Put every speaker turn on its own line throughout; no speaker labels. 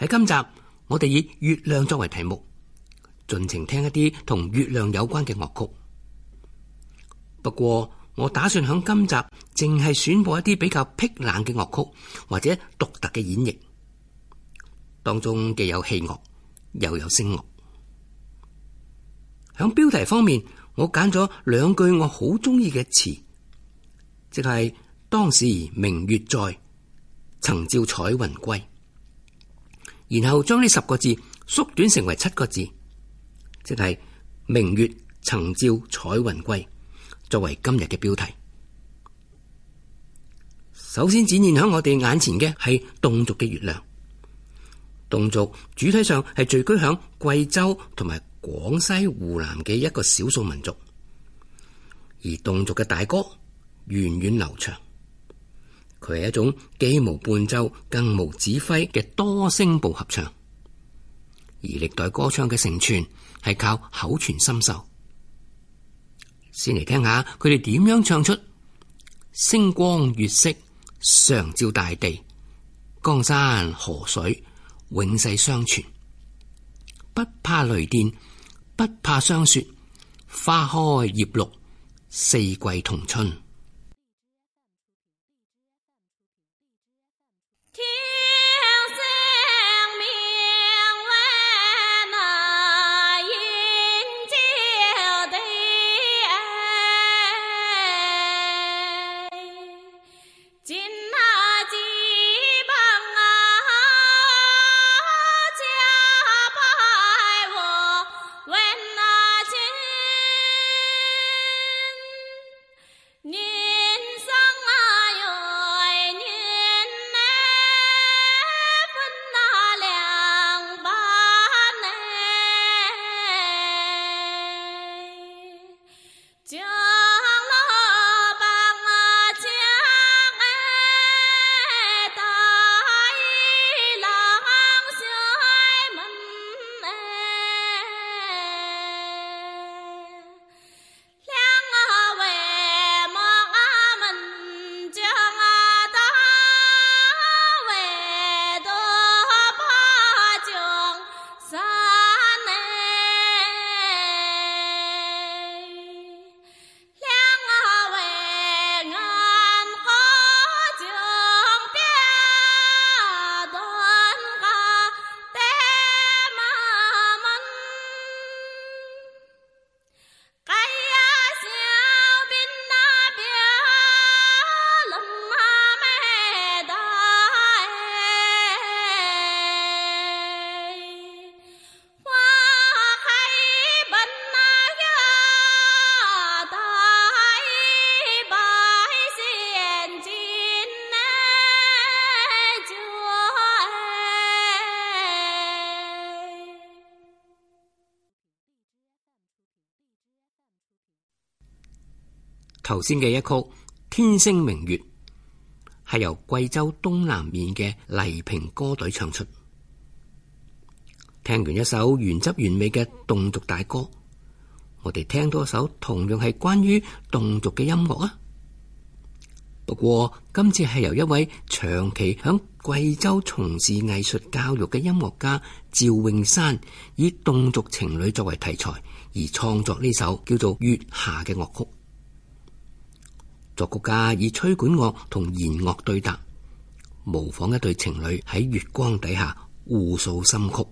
喺今集，我哋以月亮作為題目，盡情聽一啲同月亮有關嘅樂曲。不過，我打算喺今集淨係選播一啲比較僻冷嘅樂曲，或者獨特嘅演繹，當中既有器樂，又有聲樂。響標題方面，我揀咗兩句我好中意嘅詞，即係當時明月在，曾照彩雲歸。然後將呢十個字縮短成為七個字，即係明月曾照彩雲歸，作為今日嘅標題。首先展現響我哋眼前嘅係侗族嘅月亮。侗族主體上係聚居響貴州同埋廣西湖南嘅一個少數民族，而侗族嘅大歌源遠流長。佢係一種既無伴奏、更無指揮嘅多聲部合唱，而歷代歌唱嘅承傳係靠口傳心授。先嚟聽下佢哋點樣唱出：星光月色常照大地，江山河水永世相傳，不怕雷電，不怕霜雪，花開葉綠，四季同春。頭先嘅一曲《天星明月》係由貴州東南面嘅黎平歌隊唱出。聽完一首原汁原味嘅侗族大歌，我哋聽多首同樣係關於侗族嘅音樂啊。不過今次係由一位長期響貴州從事藝術教育嘅音樂家趙永山，以侗族情侶作為題材而創作呢首叫做《月下》嘅樂曲。作曲家以吹管樂同弦樂對答，模仿一對情侶喺月光底下互訴心曲。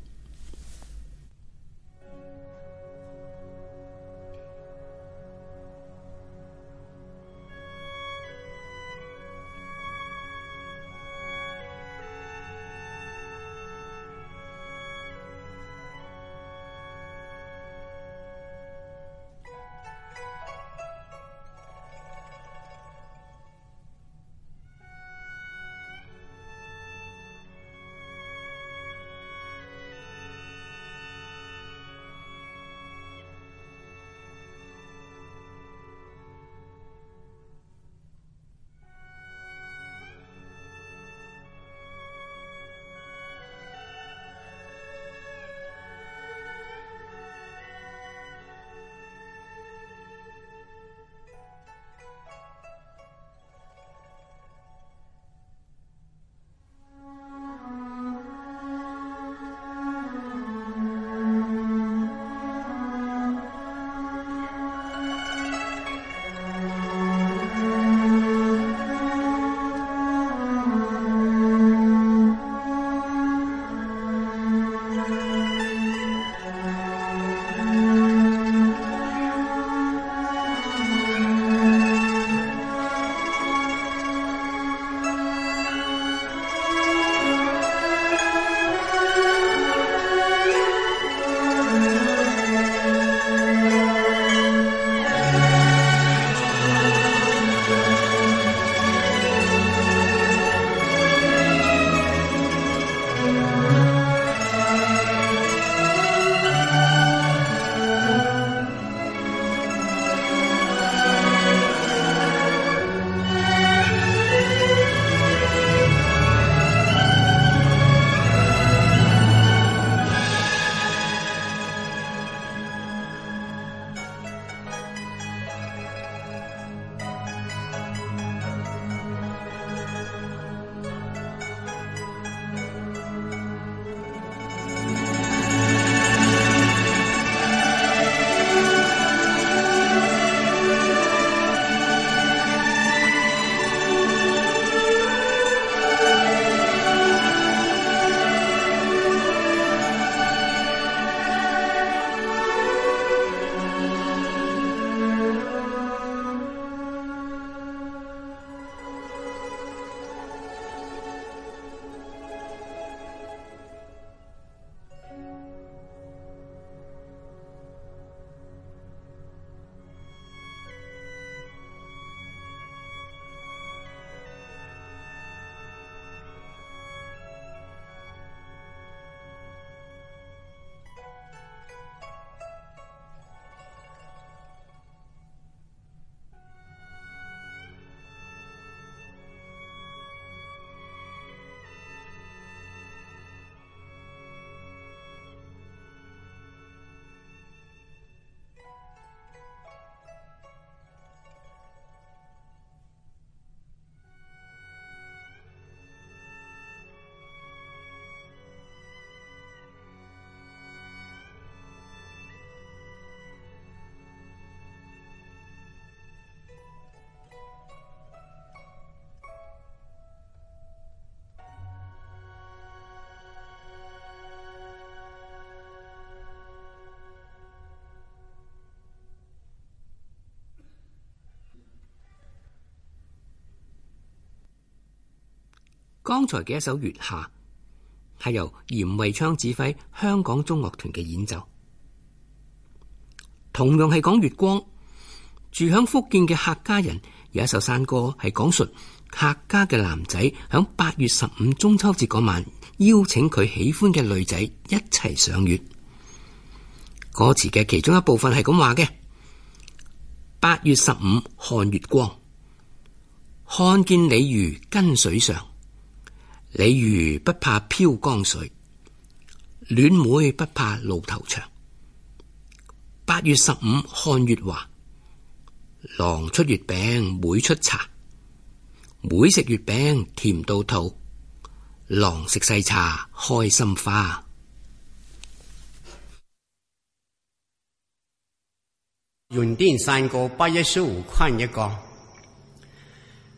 剛才嘅一首《月下》係由嚴慧昌指揮香港中樂團嘅演奏，同樣係講月光。住響福建嘅客家人有一首山歌，係講述客家嘅男仔響八月十五中秋節嗰晚邀請佢喜歡嘅女仔一齊賞月。歌詞嘅其中一部分係咁話嘅：八月十五看月光，看見你如跟水上。鯉魚不怕漂江水，戀妹不怕路頭長。八月十五看月華，郎出月餅，妹出茶。妹食月餅甜到肚，郎食細茶開心花。雲天散過八月十五，寬一個。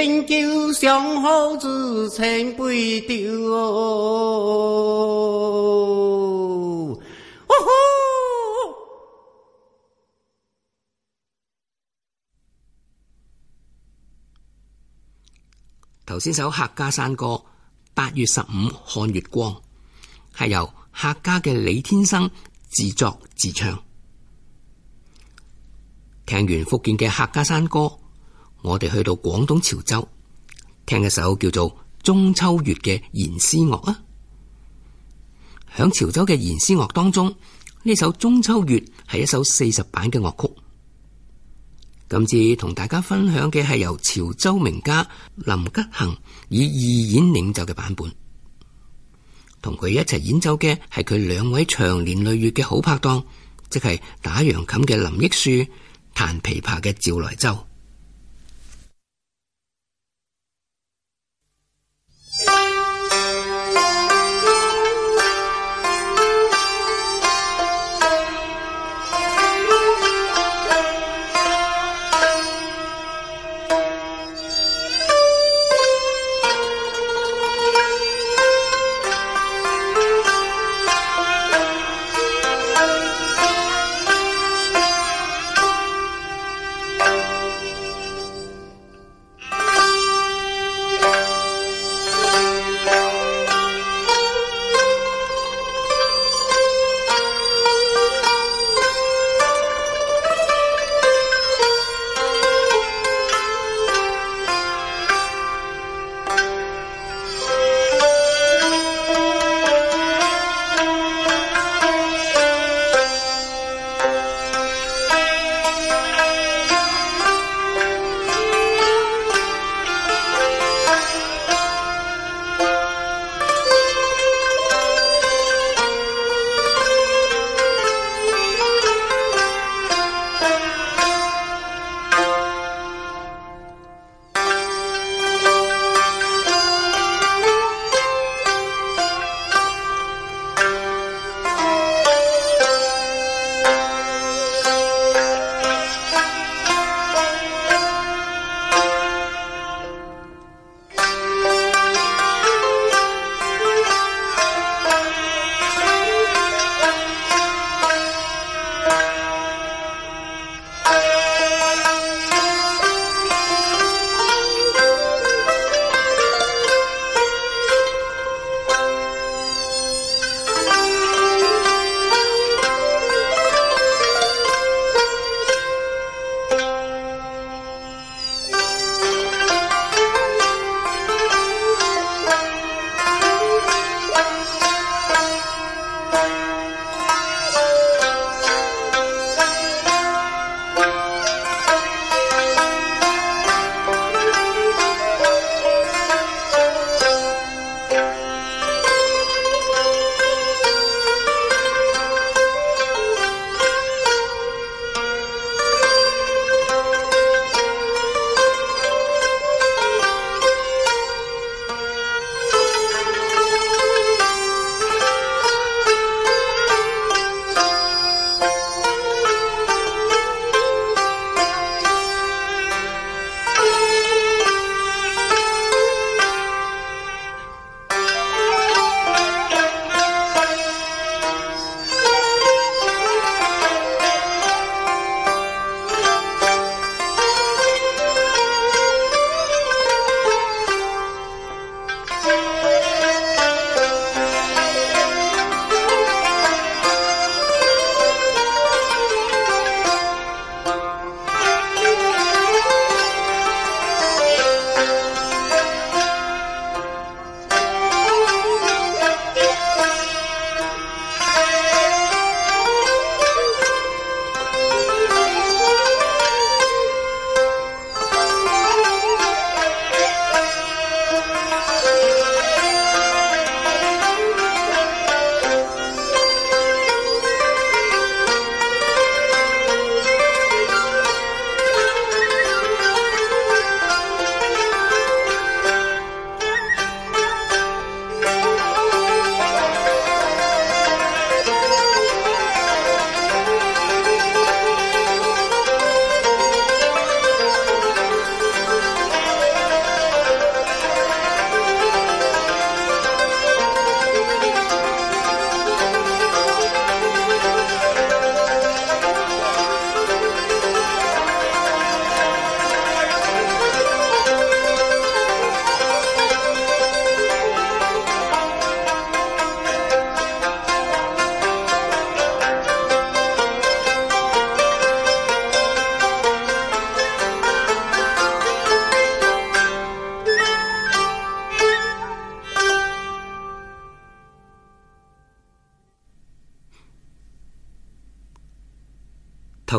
練就雙斧子千杯酒哦！
頭先首客家山歌《八月十五看月光》，係由客家嘅李天生自作自唱。聽完福建嘅客家山歌，我哋去到廣東潮州聽一首叫做《中秋月》嘅弦詩樂啊。響潮州嘅弦詩樂當中，呢首《中秋月》係一首四十版嘅樂曲。今次同大家分享嘅係由潮州名家林吉行以二演領奏嘅版本。同佢一齊演奏嘅係佢兩位長年累月嘅好拍檔，即係打揚琴嘅林益樹，彈琵琶嘅趙來舟。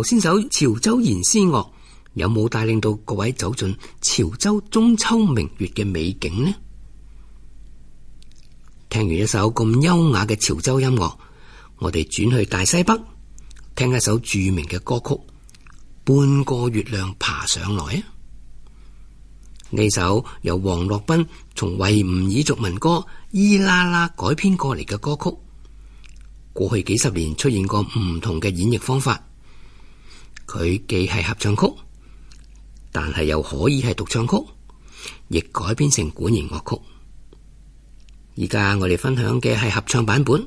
先首潮州言詩樂有冇帶領到各位走進潮州中秋明月嘅美景呢？聽完一首咁優雅嘅潮州音樂，我哋轉去大西北聽一首著名嘅歌曲《半個月亮爬上來》啊。呢首由王洛賓從維吾爾族民歌《依拉拉》改編過嚟嘅歌曲，過去幾十年出現過唔同嘅演繹方法。佢既係合唱曲，但係又可以係獨唱曲，亦改編成管弦樂曲。而家我哋分享嘅係合唱版本，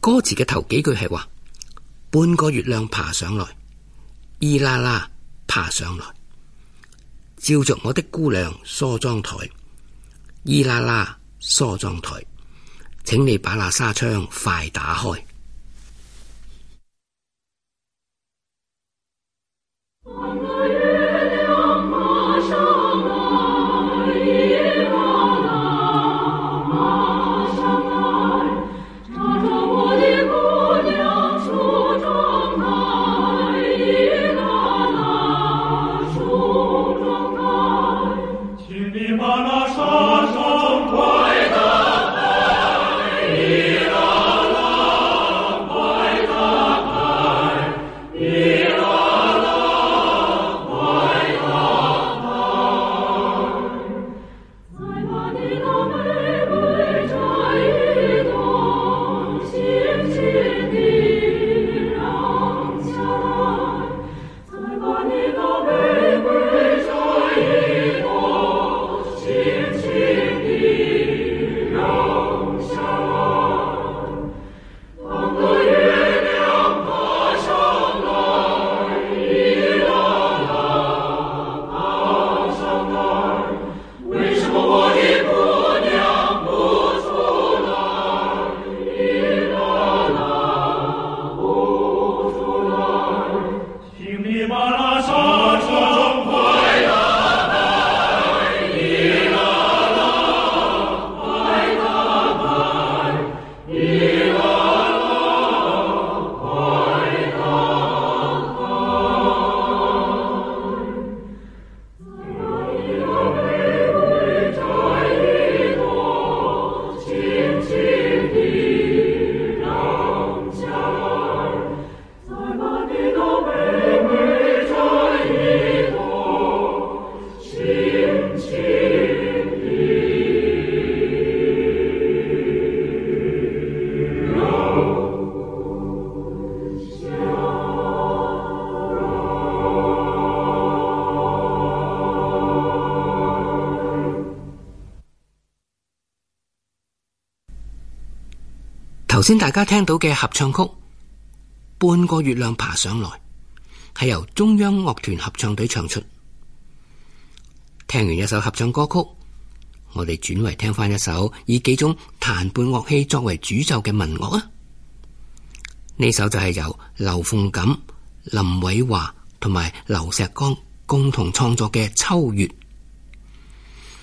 歌詞嘅頭幾句係話：半個月亮爬上來，咿啦啦爬上來，照着我的姑娘梳妝台，咿啦啦梳妝台，請你把那紗窗快打開。先大家聽到嘅合唱曲《半個月亮爬上來》，係由中央樂團合唱隊唱出。聽完一首合唱歌曲，我哋轉為聽翻一首以幾種彈撥樂器作為主奏嘅民樂啊！呢首就係由劉鳳錦、林偉華同埋劉石剛共同創作嘅《秋月》。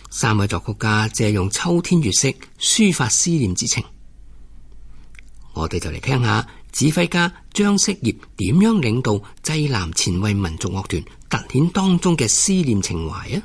三位作曲家借用秋天月色抒發思念之情。我哋就嚟聽下指揮家張式業點樣領導濟南前衛民族樂團，凸顯當中嘅思念情懷啊！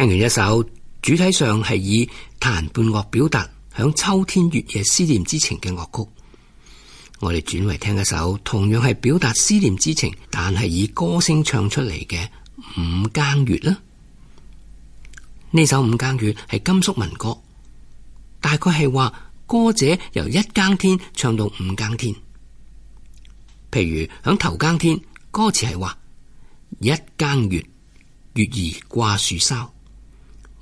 聽完一首主體上係以彈伴樂表達響秋天月夜思念之情嘅樂曲，我哋轉為聽一首同樣係表達思念之情，但係以歌聲唱出嚟嘅《五更月》啦。呢首《五更月》係甘肅民歌，大概係話歌者由一更天唱到五更天。譬如響頭更天，歌詞係話一更月，月兒掛樹梢。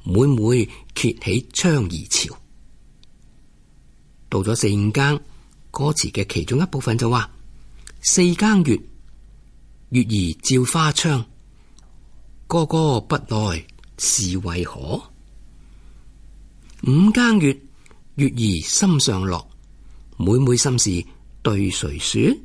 妹妹揭起窗而潮？到咗四更，歌詞嘅其中一部分就話：四更月，月兒照花窗，哥哥不耐是為何？五更月，月兒心上落，妹妹心事對誰說？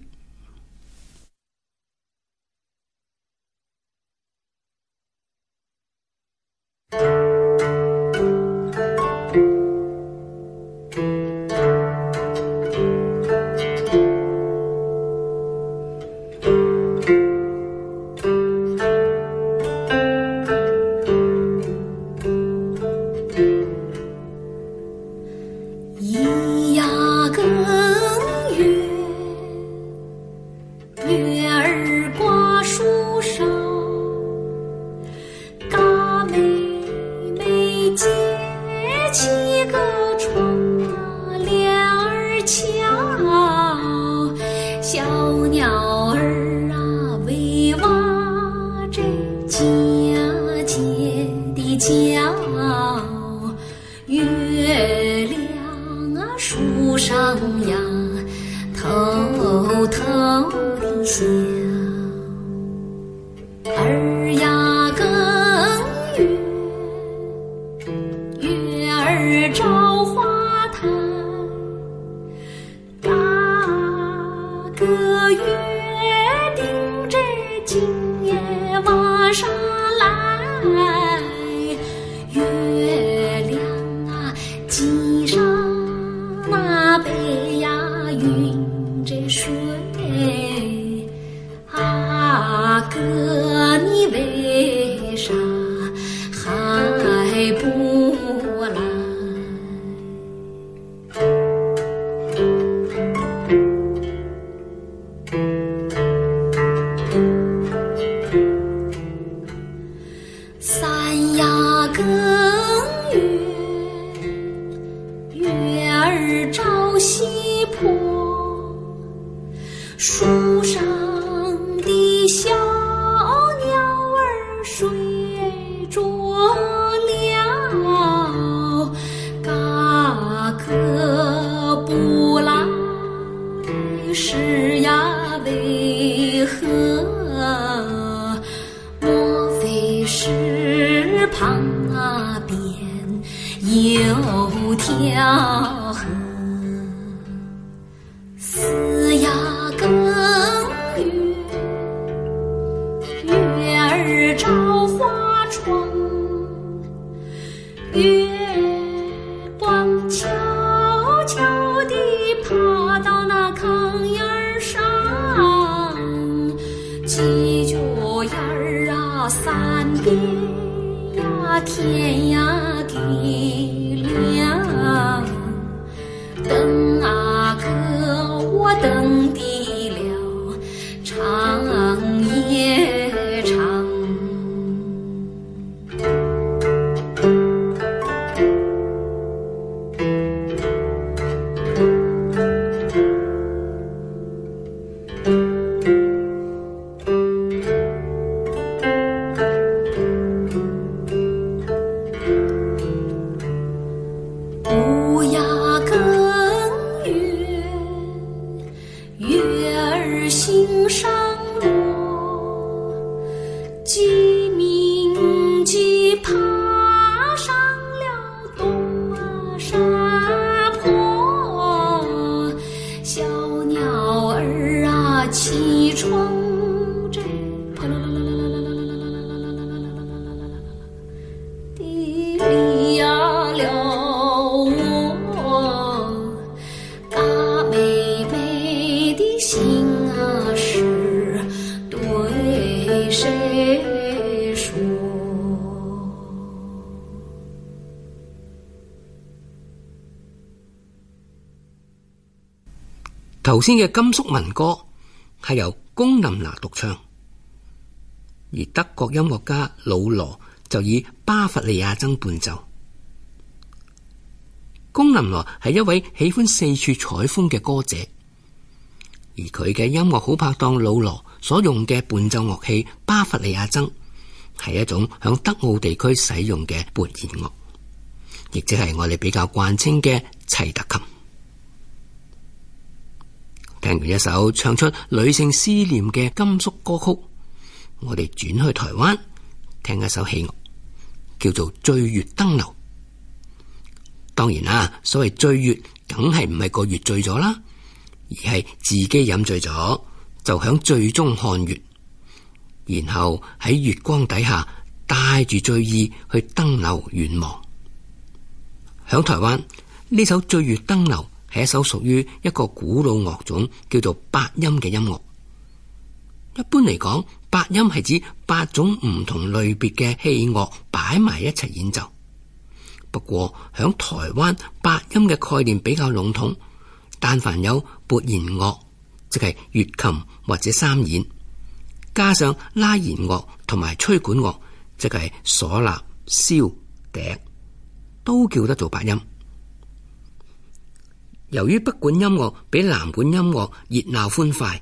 先嘅甘肅民歌係由龔琳娜獨唱，而德國音樂家老羅就以巴伐利亞箏伴奏。龔琳娜係一位喜歡四處採風嘅歌者，而佢嘅音樂好拍檔老羅所用嘅伴奏樂器巴伐利亞箏係一種響德奧地區使用嘅撥弦樂，亦即係我哋比較慣稱嘅齊特琴。聽完一首唱出女性思念嘅甘肅歌曲，我哋轉去台灣聽一首器樂，叫做《醉月登樓》。當然啦，所謂醉月，梗係唔係個月醉咗啦，而係自己飲醉咗，就響醉中看月，然後喺月光底下帶住醉意去登樓遠望。響台灣呢首《醉月登樓》。係一首屬於一個古老樂種叫做八音嘅音樂。一般嚟講，八音係指八種唔同類別嘅器樂擺埋一齊演奏。不過響台灣，八音嘅概念比較籠統，但凡有撥弦樂，即係月琴或者三弦，加上拉弦樂同埋吹管樂，即係嗩吶、簫、笛，都叫得做八音。由於北管音樂比南管音樂熱鬧歡快，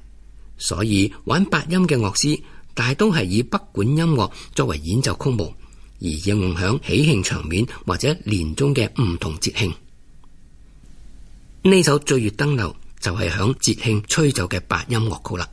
所以玩八音嘅樂師大都係以北管音樂作為演奏曲目，而應用響喜慶場面或者年中嘅唔同節慶。呢首《醉月登樓》就係響節慶吹奏嘅八音樂曲啦。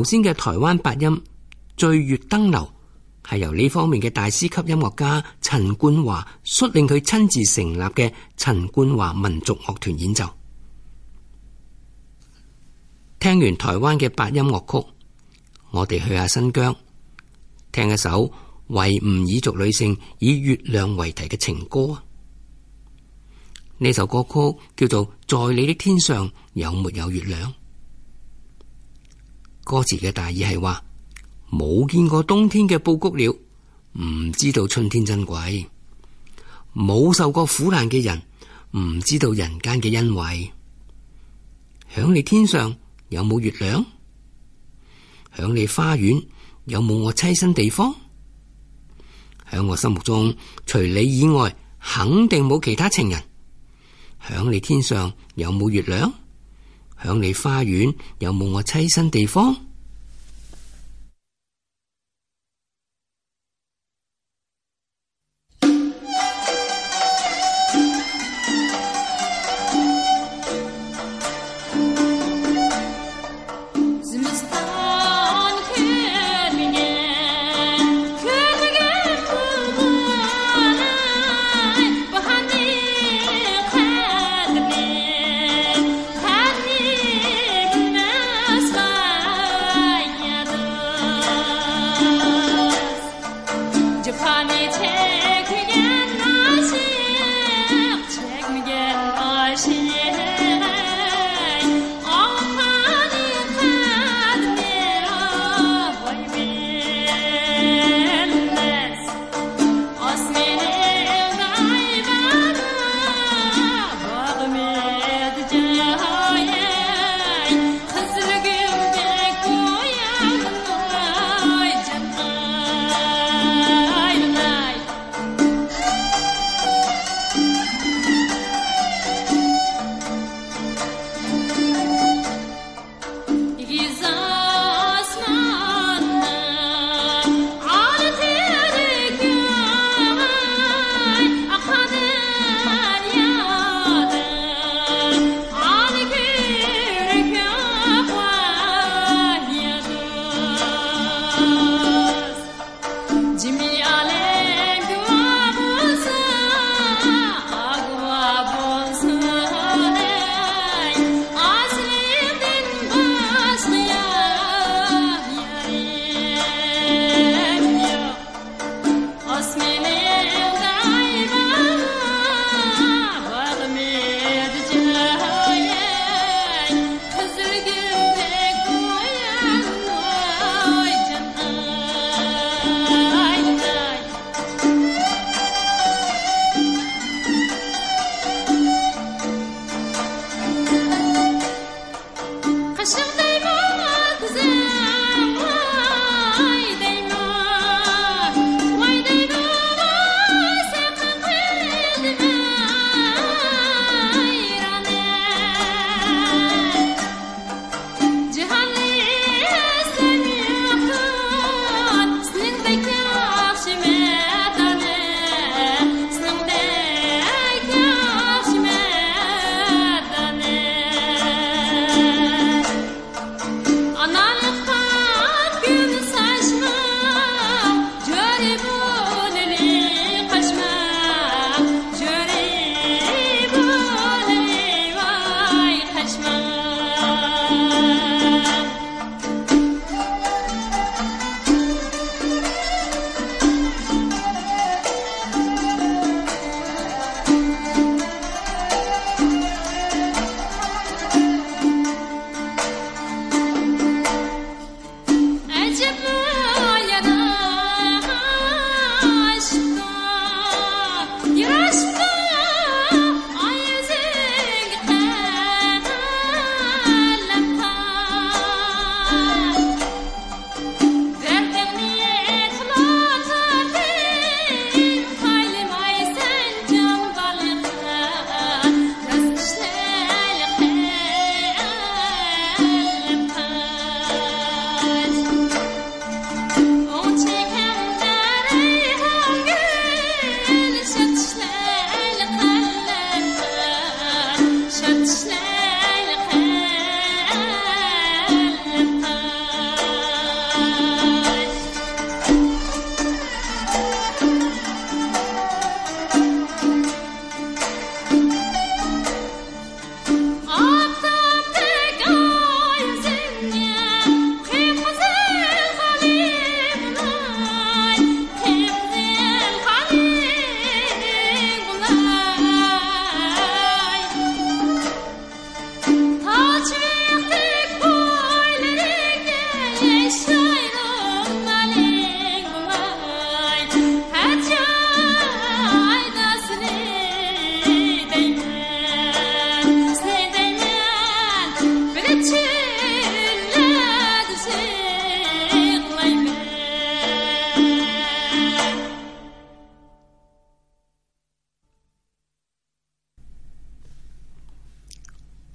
頭先嘅台灣八音《醉月登樓》係由呢方面嘅大師級音樂家陳冠華率領佢親自成立嘅陳冠華民族樂團演奏。聽完台灣嘅八音樂曲，我哋去下新疆聽一首維吾爾族女性以月亮為題嘅情歌。呢首歌曲叫做《在你的天上有沒有月亮》。歌詞嘅大意係話：冇見過冬天嘅布谷鳥，唔知道春天珍貴；冇受過苦難嘅人，唔知道人間嘅恩惠。響你天上有冇月亮？響你花園有冇我棲身地方？響我心目中，除你以外，肯定冇其他情人。響你天上有冇月亮？響你花園有冇我棲身地方？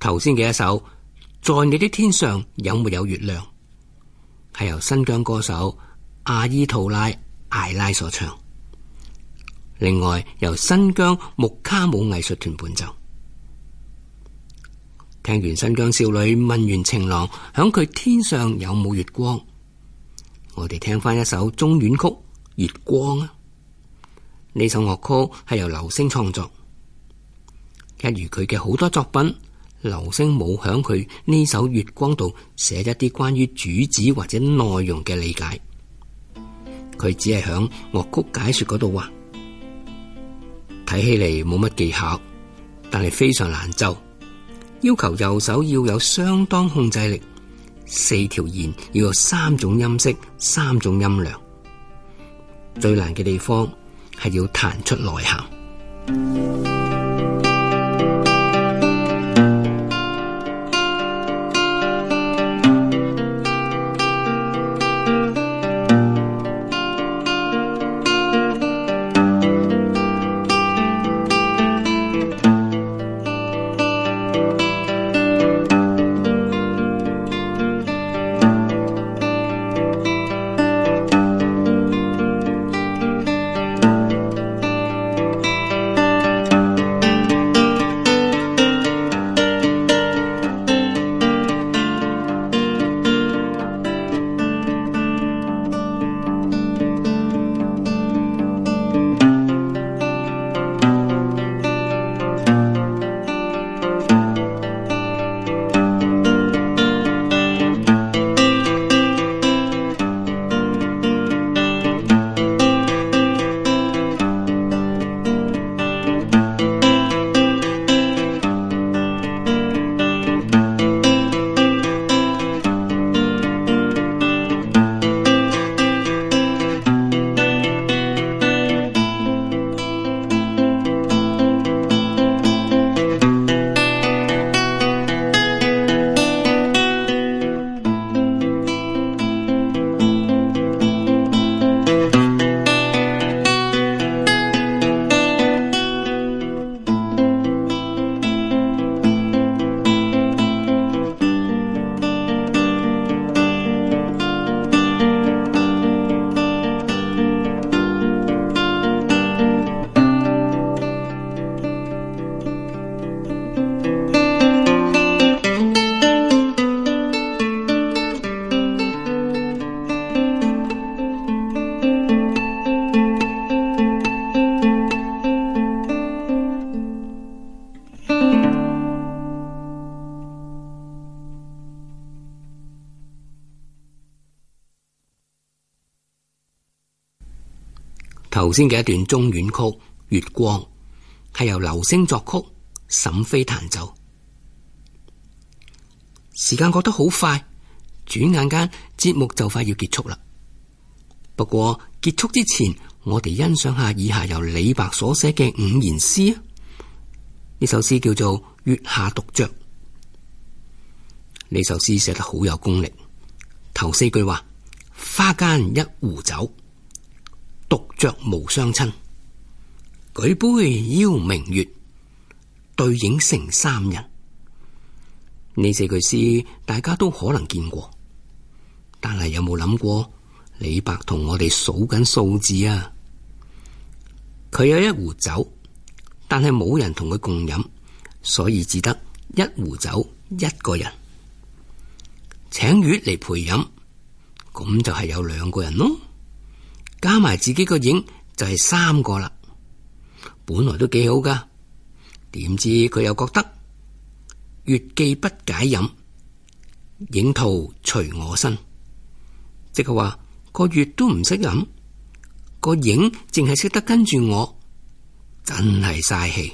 頭先嘅一首，在你的天上有沒有，有月亮，係由新疆歌手阿依圖拉·艾拉所唱。另外由新疆木卡姆藝術團伴奏。聽完新疆少女問完情郎，響佢天上有冇月光？我哋聽翻一首中阮曲《月光》啊。呢首樂曲係由劉星創作，一如佢嘅好多作品。劉星冇響佢呢首月光度寫一啲關於主旨或者內容嘅理解，佢只係響樂曲解說嗰度話，睇起嚟冇乜技巧，但係非常難奏，要求右手要有相當控制力，四條弦要有三種音色、三種音量，最難嘅地方係要彈出內涵。頭先嘅一段中阮曲《月光》，係由劉星作曲，沈飛彈奏。時間過得好快，轉眼間節目就快要結束啦。不過結束之前，我哋欣賞下以下由李白所寫嘅五言詩啊。呢首詩叫做《月下獨酌》，呢首詩寫得好有功力。頭四句話：花間一壺酒。獨酌無相親，舉杯邀明月，對影成三人。呢四句詩大家都可能見過，但係有冇諗過李白同我哋數緊數字啊？佢有一壺酒，但係冇人同佢共飲，所以只得一壺酒一個人，請月嚟陪飲，咁就係有兩個人咯。加埋自己個影就係、是、三個啦，本來都幾好噶，點知佢又覺得月既不解飲，影徒隨我身，即係話個月都唔識飲，個影淨係識得跟住我，真係嘥氣。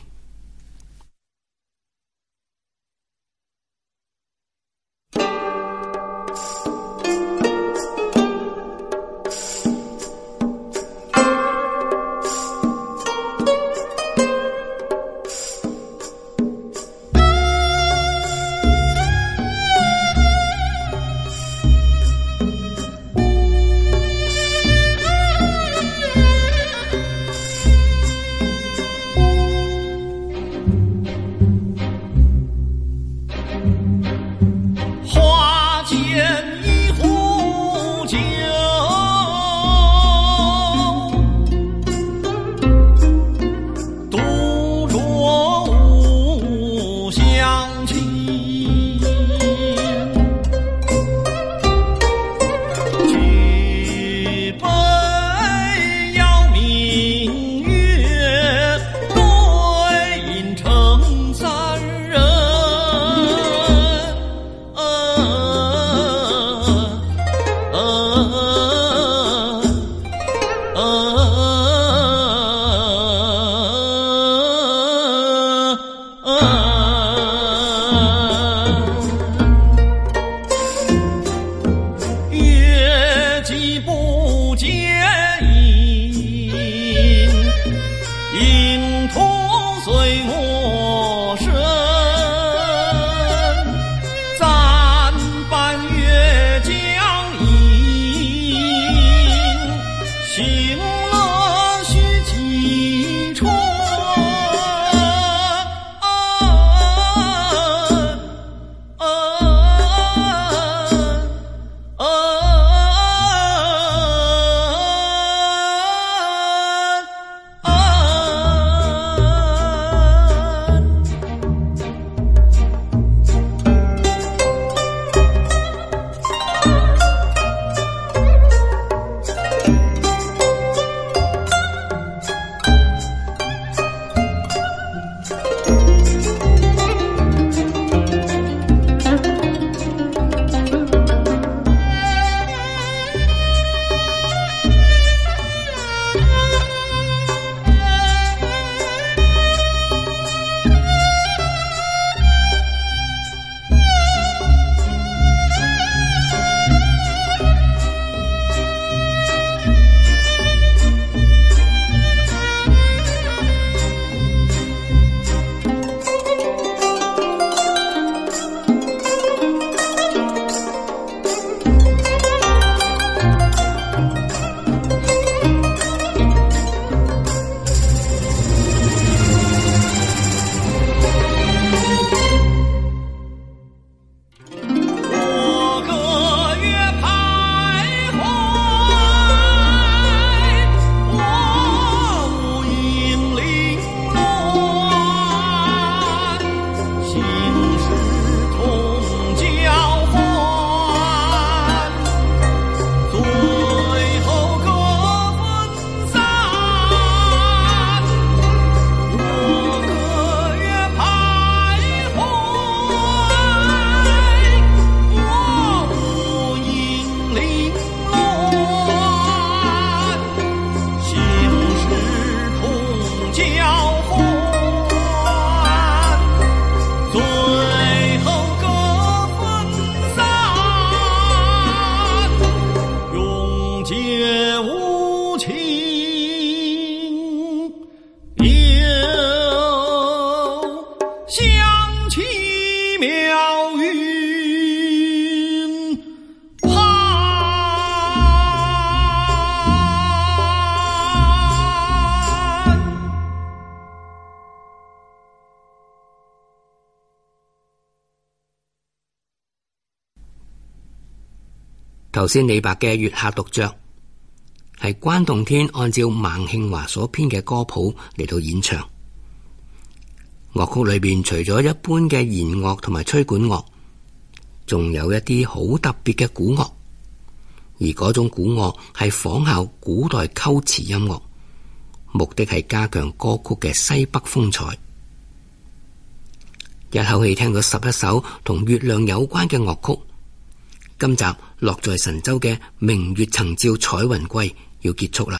頭先李白嘅《月下獨酌》，係關棟天按照孟慶華所編嘅歌譜嚟到演唱。樂曲裏邊除咗一般嘅弦樂同埋吹管樂，仲有一啲好特別嘅鼓樂，而嗰種鼓樂係仿效古代勾詞音樂，目的係加強歌曲嘅西北風采。一口氣聽咗十一首同月亮有關嘅樂曲，今集。落在神州嘅明月曾照彩雲歸，要結束啦。